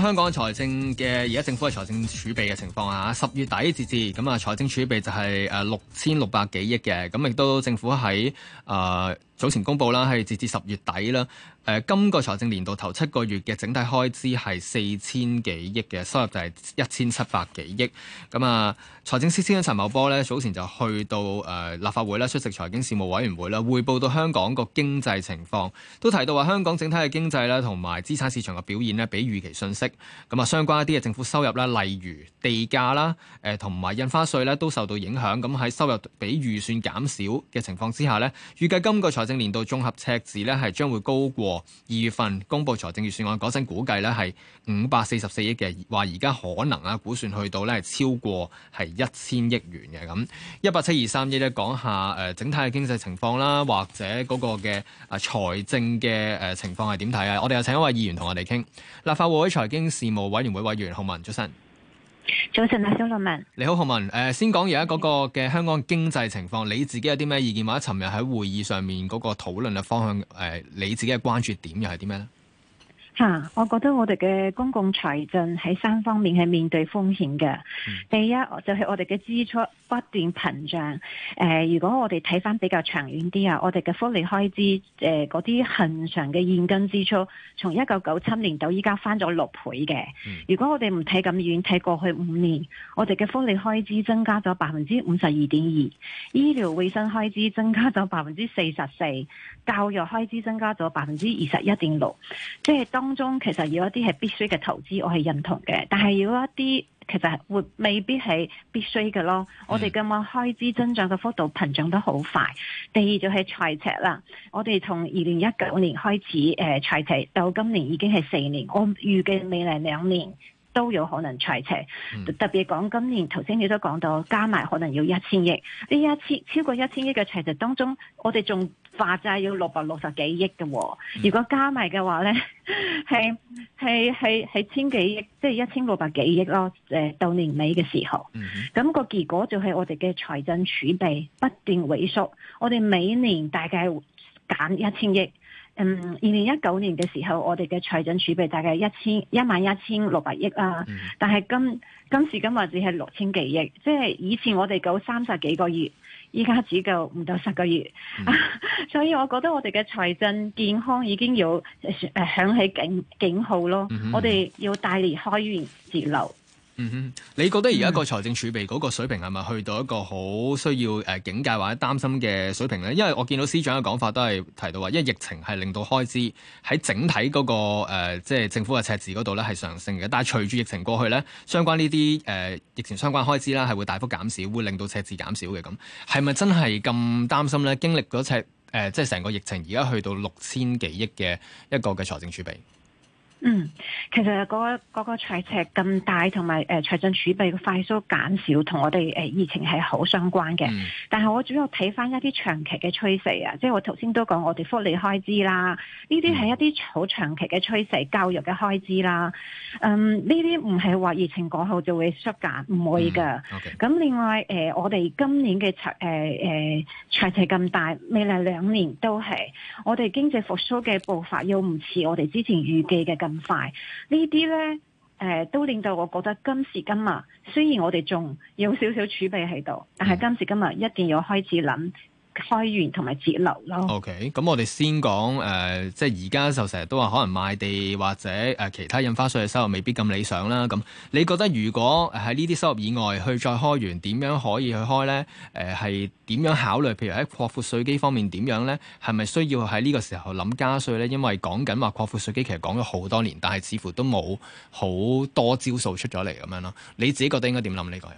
香港財政嘅，而家政府嘅財政儲備嘅情況啊，十月底截至咁啊，財政儲備就係六千六百幾億嘅，咁亦都政府喺早前公布啦，係截至十月底啦。誒、呃，今個財政年度頭七個月嘅整體開支係四千幾億嘅，收入就係一千七百幾億。咁、嗯、啊，財政司司長陳茂波咧，早前就去到誒、呃、立法會啦，出席財經事務委員會啦，匯報到香港個經濟情況，都提到話香港整體嘅經濟咧，同埋資產市場嘅表現咧，比預期遜色。咁、嗯、啊，相關一啲嘅政府收入啦，例如地價啦，誒、呃，同埋印花稅咧，都受到影響。咁、嗯、喺收入比預算減少嘅情況之下咧，預計今個財。正年度綜合赤字咧，係將會高過二月份公布財政預算案嗰陣估計咧，係五百四十四億嘅，話而家可能啊估算去到咧係超過係一千億元嘅咁，一八七二三一咧講下誒整體嘅經濟情況啦，或者嗰個嘅啊財政嘅誒情況係點睇啊？我哋有請一位議員同我哋傾，立法會財經事務委員會委員洪雯，早晨。早晨啊，洪雯。你好，浩文。誒，先講而家嗰個嘅香港經濟情況，你自己有啲咩意見？或者尋日喺會議上面嗰個討論嘅方向，誒，你自己嘅關注點又係啲咩咧？吓、啊，我覺得我哋嘅公共財政喺三方面係面對風險嘅。第一就係、是、我哋嘅支出不斷膨脹。誒、呃，如果我哋睇翻比較長遠啲啊，我哋嘅福利開支誒嗰啲恆常嘅現金支出，從一九九七年到依家翻咗六倍嘅。如果我哋唔睇咁遠，睇過去五年，我哋嘅福利開支增加咗百分之五十二點二，醫療衛生開支增加咗百分之四十四，教育開支增加咗百分之二十一點六，即係當。當中、嗯、其實有一啲係必須嘅投資，我係認同嘅，但係有一啲其實會未必係必須嘅咯。我哋咁樣開支增長嘅幅度膨脹得好快。第二就係財赤啦，我哋從二零一九年開始誒財赤到今年已經係四年，我預計未來兩年都有可能財赤。嗯、特別講今年頭先你都講到加埋可能要一千億呢，一千超過一千億嘅財赤當中，我哋仲。化債要六百六十幾億嘅喎，如果加埋嘅話咧，係係係係千幾億，即係一千六百幾億咯。誒到年尾嘅時候，咁、mm hmm. 個結果就係我哋嘅財政儲備不斷萎縮，我哋每年大概減一千億。嗯，二零一九年嘅時候，我哋嘅財政儲備大概一千一萬一千六百億啊，mm hmm. 但係今今時今日只係六千幾億，即係以前我哋夠三十幾個月。依家只夠唔到十個月，mm hmm. 所以我覺得我哋嘅財政健康已經要誒響起警警號咯，mm hmm. 我哋要大力開源節流。嗯哼，mm hmm. 你覺得而家個財政儲備嗰個水平係咪去到一個好需要誒警戒或者擔心嘅水平咧？因為我見到司長嘅講法都係提到話，因為疫情係令到開支喺整體嗰、嗰個即係、呃即係、政府嘅赤字嗰度咧係上升嘅。但係隨住疫情過去咧，相關呢啲誒疫情相關開支啦，係會大幅減少，會令到赤字減少嘅。咁係咪真係咁擔心咧？經歷咗赤誒，即係成個疫情而家去到六千幾億嘅一個嘅財政儲備？嗯，其實、嗰個、嗰個個財赤咁大，同埋誒財政儲備嘅快速減少，同我哋誒、呃、疫情係好相關嘅。嗯、但係我主要睇翻一啲長期嘅趨勢啊，即係我頭先都講我哋福利開支啦，呢啲係一啲好長期嘅趨勢，教育嘅開支啦，嗯，呢啲唔係話疫情過後就會縮減，唔會㗎。咁、嗯 okay. 嗯、另外誒、呃，我哋今年嘅財誒誒財赤咁大，未來兩年都係我哋經濟復甦嘅步伐，又唔似我哋之前預計嘅。咁快呢啲咧，誒、呃，都令到我覺得今時今日，雖然我哋仲有少少儲備喺度，但係今時今日一定要開始諗。開源同埋節流咯。OK，咁我哋先講誒、呃，即係而家就成日都話可能賣地或者誒、呃、其他印花稅嘅收入未必咁理想啦。咁你覺得如果喺呢啲收入以外去再開源，點樣可以去開呢？誒係點樣考慮？譬如喺擴闊稅基方面點樣呢？係咪需要喺呢個時候諗加稅呢？因為講緊話擴闊稅基其實講咗好多年，但係似乎都冇好多招數出咗嚟咁樣咯。你自己覺得應該點諗呢個？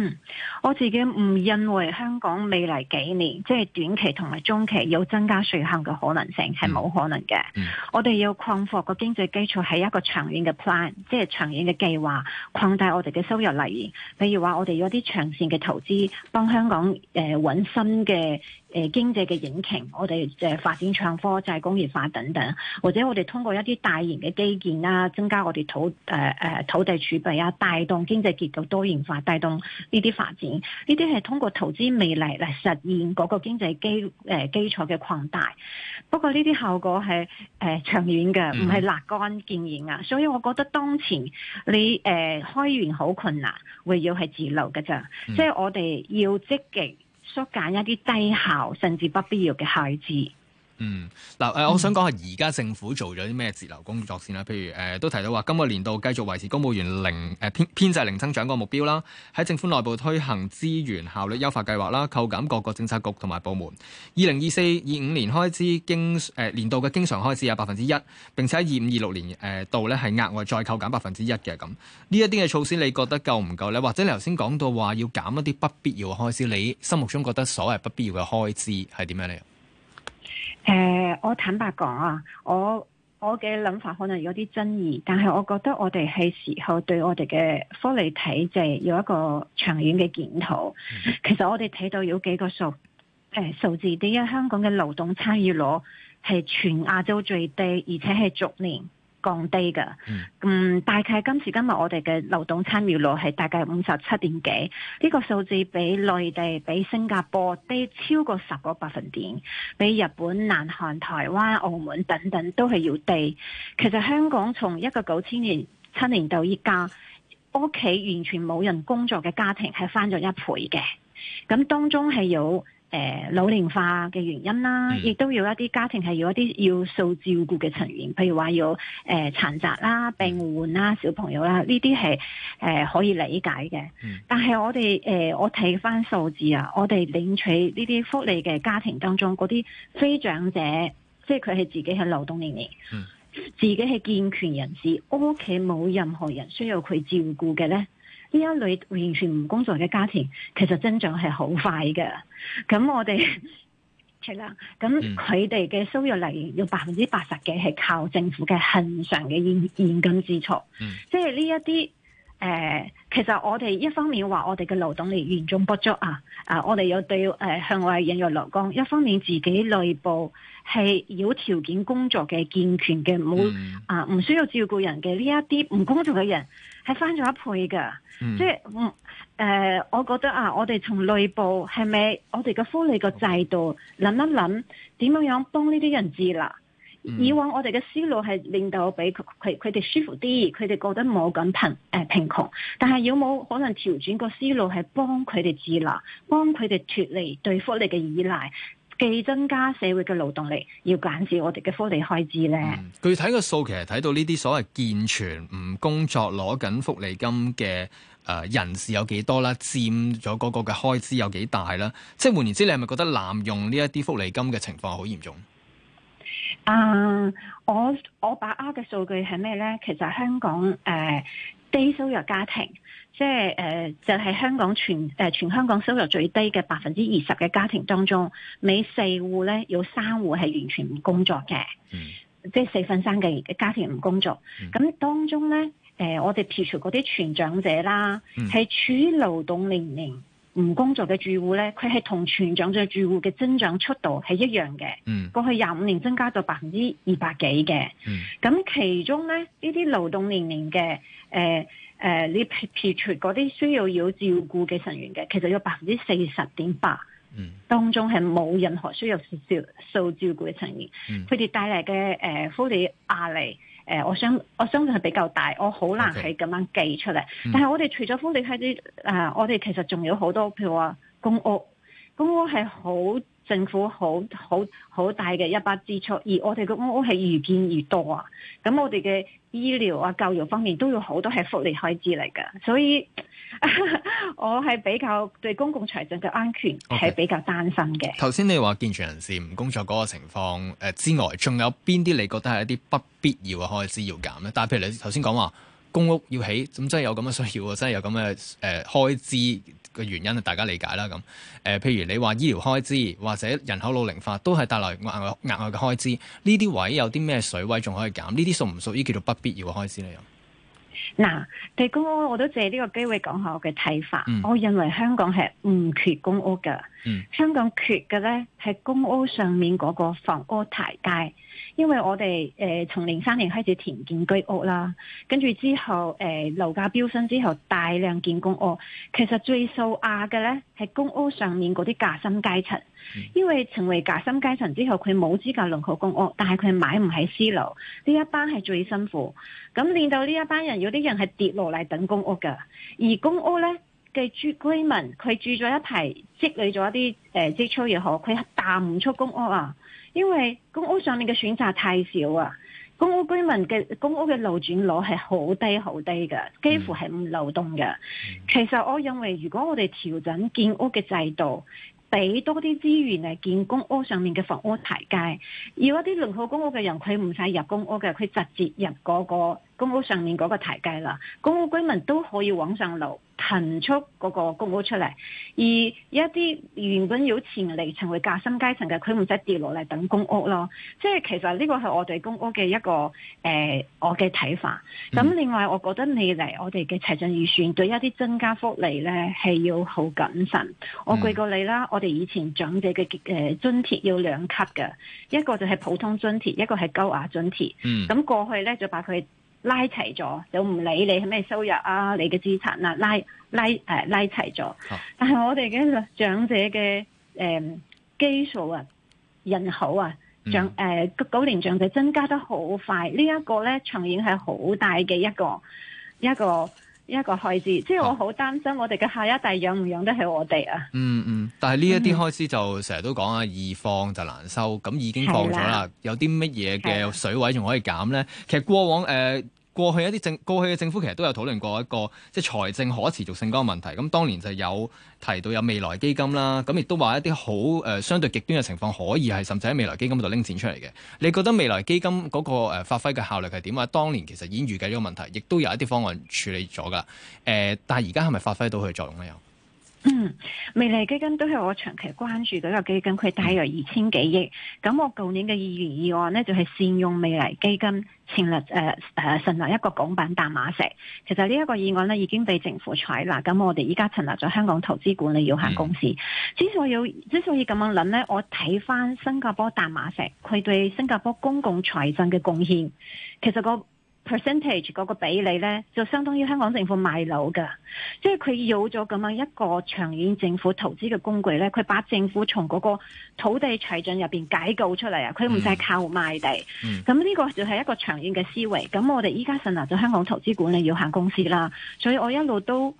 嗯，我自己唔認為香港未來幾年，即係短期同埋中期有增加稅項嘅可能性係冇可能嘅。嗯、我哋要擴闊個經濟基礎係一個長遠嘅 plan，即係長遠嘅計劃，擴大我哋嘅收入來源。比如話我哋有啲長線嘅投資，幫香港誒、搵、呃、新嘅。誒經濟嘅引擎，我哋即係發展創科、再工業化等等，或者我哋通過一啲大型嘅基建啦、啊，增加我哋土誒誒、呃、土地儲備啊，帶動經濟結構多元化，帶動呢啲發展。呢啲係通過投資未來嚟實現嗰個經濟基誒、呃、基礎嘅擴大。不過呢啲效果係誒、呃、長遠嘅，唔係立竿見影啊。嗯、所以我覺得當前你誒、呃、開源好困難，會要係自留嘅咋，即係、嗯、我哋要積極。縮減一啲低效甚至不必要嘅開支。嗯，嗱，誒，我想講下而家政府做咗啲咩節流工作先啦。譬如誒、呃，都提到話今個年，年度繼續維持公務員零誒編、呃、編制零增長嗰個目標啦。喺政府內部推行資源效率優化計劃啦，扣減各個政策局同埋部門。二零二四二五年開支經誒、呃、年度嘅經常開支有百分之一，並且喺二五二六年誒度咧係額外再扣減百分之一嘅咁。呢一啲嘅措施，你覺得夠唔夠咧？或者你頭先講到話要減一啲不必要嘅開支，你心目中覺得所謂不必要嘅開支係點樣嚟？誒、呃，我坦白講啊，我我嘅諗法可能有啲爭議，但係我覺得我哋係時候對我哋嘅福利體制有一個長遠嘅檢討。其實我哋睇到有幾個數，誒、呃、數字第一，香港嘅勞動參與率係全亞洲最低，而且係逐年。降低嘅，嗯，大概今時今日我哋嘅流動參與率係大概五十七點幾，呢個數字比內地、比新加坡低超過十個百分點，比日本、南韓、台灣、澳門等等都係要低。其實香港從一個九千年七年到而家，屋企完全冇人工作嘅家庭係翻咗一倍嘅，咁當中係有。誒、呃、老年化嘅原因啦，亦、嗯、都有一啲家庭係有一啲要受照顧嘅成員，譬如話有誒、呃、殘疾啦、病患啦、小朋友啦，呢啲係誒可以理解嘅。嗯、但係我哋誒、呃、我睇翻數字啊，我哋領取呢啲福利嘅家庭當中，嗰啲非長者，即係佢係自己係勞動年齡，嗯、自己係健全人士，屋企冇任何人需要佢照顧嘅呢，呢一類完全唔工作嘅家庭，其實增長係好快嘅。咁我哋，其實咁佢哋嘅收入嚟源，有百分之八十嘅係靠政府嘅恆常嘅現現金支出。 即係呢一啲，誒、呃，其實我哋一方面話，我哋嘅勞動力嚴重不足啊。啊，我哋有對誒向外引入勞工，一方面自己內部係有條件工作嘅健全嘅，冇啊，唔需要照顧人嘅呢一啲唔工作嘅人。係翻咗一倍噶，嗯、即係，誒、嗯呃，我覺得啊，我哋從內部係咪我哋嘅福利個制度諗一諗，點樣樣幫呢啲人治啦？嗯、以往我哋嘅思路係令到俾佢佢佢哋舒服啲，佢哋覺得冇咁貧誒貧窮，但係有冇可能調轉個思路係幫佢哋治啦，幫佢哋脫離對福利嘅依賴？既增加社會嘅勞動力，要減少我哋嘅福利開支咧。具體嘅數其實睇到呢啲所謂健全唔工作攞緊福利金嘅誒、嗯、人士有幾多啦？佔咗嗰個嘅開支有幾大啦？即係換言之，你係咪覺得濫用呢一啲福利金嘅情況好嚴重？啊、uh,，我我把握嘅數據係咩咧？其實香港誒。Uh, 低收入家庭，即係誒、呃，就係、是、香港全誒、呃、全香港收入最低嘅百分之二十嘅家庭當中，每四戶咧有三戶係完全唔工作嘅，嗯、即係四分三嘅家庭唔工作。咁、嗯嗯、當中咧，誒、呃，我哋剔除嗰啲全長者啦，係、嗯、處於勞動年齡。唔工作嘅住戶咧，佢係同全長嘅住戶嘅增長速度係一樣嘅。嗯，過去廿五年增加咗百分之二百幾嘅。嗯，咁其中咧，呢啲勞動年齡嘅誒誒，你撇除嗰啲需要要照顧嘅成員嘅，其實有百分之四十點八。嗯，當中係冇任何需要少少受照顧嘅成員。佢哋、嗯、帶嚟嘅誒福利壓力。呃誒，我相我相信係比較大，我好難係咁樣計出嚟。Okay. 但係我哋除咗福利開支，啊、呃，我哋其實仲有好多譬如話公屋，公屋係好政府好好好大嘅一筆支出，而我哋嘅公屋係越建越多啊。咁我哋嘅醫療啊、教育方面都有好多係福利開支嚟噶，所以。 我係比較對公共財政嘅安全係 Okay. 比較擔心嘅。頭先你話健全人士唔工作嗰個情況誒、呃、之外，仲有邊啲你覺得係一啲不必要嘅開支要減呢？但係譬如你頭先講話公屋要起，咁真係有咁嘅需要，真係有咁嘅誒開支嘅原因，大家理解啦咁。誒、呃，譬如你話醫療開支或者人口老齡化都係帶來額外額外嘅開支，呢啲位有啲咩水位仲可以減？呢啲屬唔屬於叫做不必要嘅開支呢？嗱，對公屋我都借呢個機會講下我嘅睇法。我認為香港係唔缺公屋嘅，嗯、香港缺嘅咧係公屋上面嗰個房屋階梯。因為我哋誒、呃，從零三年開始停建居屋啦，跟住之後誒、呃，樓價飆升之後，大量建公屋。其實最受壓嘅咧，係公屋上面嗰啲夾心階層。因為成為夾心階層之後，佢冇資格輪候公屋，但係佢買唔起私樓。呢一班係最辛苦，咁令到呢一班人有啲人係跌落嚟等公屋噶。而公屋咧嘅住居民，佢住咗一排，積累咗一啲誒積蓄又好，佢彈唔出公屋啊。因為公屋上面嘅選擇太少啊，公屋居民嘅公屋嘅流轉率係好低好低嘅，幾乎係唔流動嘅。嗯、其實我認為，如果我哋調整建屋嘅制度，俾多啲資源嚟建公屋上面嘅房屋台階，而嗰啲輪候公屋嘅人，佢唔使入公屋嘅，佢直接入嗰、嗰個公屋上面嗰個台階啦，公屋居民都可以往上流。騰出嗰個公屋出嚟，而一啲原本要前嚟離層或夾心階層嘅，佢唔使跌落嚟等公屋咯。即係其實呢個係我哋公屋嘅一個誒、呃，我嘅睇法。咁另外，我覺得未來我哋嘅財政預算對一啲增加福利咧係要好謹慎。我舉個例啦，嗯、我哋以前長者嘅誒、呃、津貼要兩級嘅，一個就係普通津貼，一個係高額津貼。嗯。咁過去咧就把佢。拉齊咗就唔理你係咩收入啊，你嘅資產啊，拉拉誒拉齊咗。 但係我哋嘅長者嘅誒、呃、基數啊，人口啊長誒九年長者增加得好快，這個、呢一個咧長遠係好大嘅一個一個。一個一個開支，即係我好擔心，我哋嘅下一代養唔養得起我哋啊？嗯嗯，但係呢一啲開支就成日都講啊，嗯、易放就難收，咁已經放咗啦，的有啲乜嘢嘅水位仲可以減咧？的其實過往誒。呃過去一啲政過去嘅政府其實都有討論過一個即係財政可持續性嗰個問題，咁當年就有提到有未來基金啦，咁亦都話一啲好誒相對極端嘅情況可以係甚至喺未來基金度拎錢出嚟嘅。你覺得未來基金嗰個誒發揮嘅效率係點啊？當年其實已經預計咗個問題，亦都有一啲方案處理咗㗎，誒、呃，但係而家係咪發揮到佢嘅作用咧？又？嗯，未來基金都係我長期關注嘅一個基金，佢大約二千幾億。咁我舊年嘅議員議案呢，就係、是、善用未來基金成立誒誒成立一個港版淡馬錫。其實呢一個議案呢，已經被政府採納。咁我哋依家成立咗香港投資管理有限公司。嗯、之所以之所以咁樣諗呢，我睇翻新加坡淡馬錫，佢對新加坡公共財政嘅貢獻，其實、那個。percentage 嗰個比例咧，就相當於香港政府賣樓噶，即係佢有咗咁樣一個長遠政府投資嘅工具咧，佢把政府從嗰個土地財政入邊解救出嚟啊！佢唔使靠賣地，咁呢、mm. 個就係一個長遠嘅思維。咁、mm. 我哋依家成立咗香港投資管理有限公司啦，所以我一路都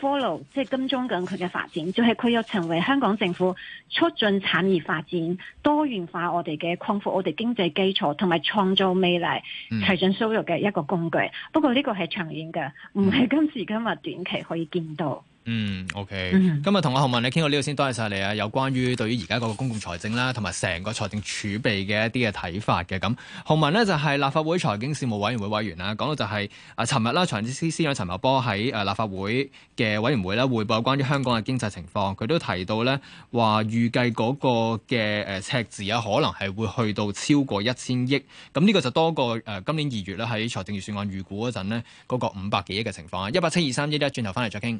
follow 即係跟蹤緊佢嘅發展，就係、是、佢又成為香港政府促進產業發展、多元化我哋嘅、擴闊我哋經濟基礎同埋創造未來財政收入嘅。Mm. 一個工具，不過呢個係長遠嘅，唔係今時今日短期可以見到。嗯，OK，今日同阿洪雯你傾到呢度先，多謝晒你啊。有關於對於而家個公共財政啦，同埋成個財政儲備嘅一啲嘅睇法嘅咁，洪雯呢就係、是、立法會財經事務委員會委員啦。講到就係、是、啊，尋日啦，財政司司長陳茂波喺、啊、立法會嘅委員會咧匯報關於香港嘅經濟情況，佢都提到呢話預計嗰個嘅誒赤字啊，可能係會去到超過一千億。咁呢個就多過誒、啊、今年二月咧喺財政預算案預估嗰陣呢，嗰、那個五百幾億嘅情況啊。一八七二三一一，轉頭翻嚟再傾。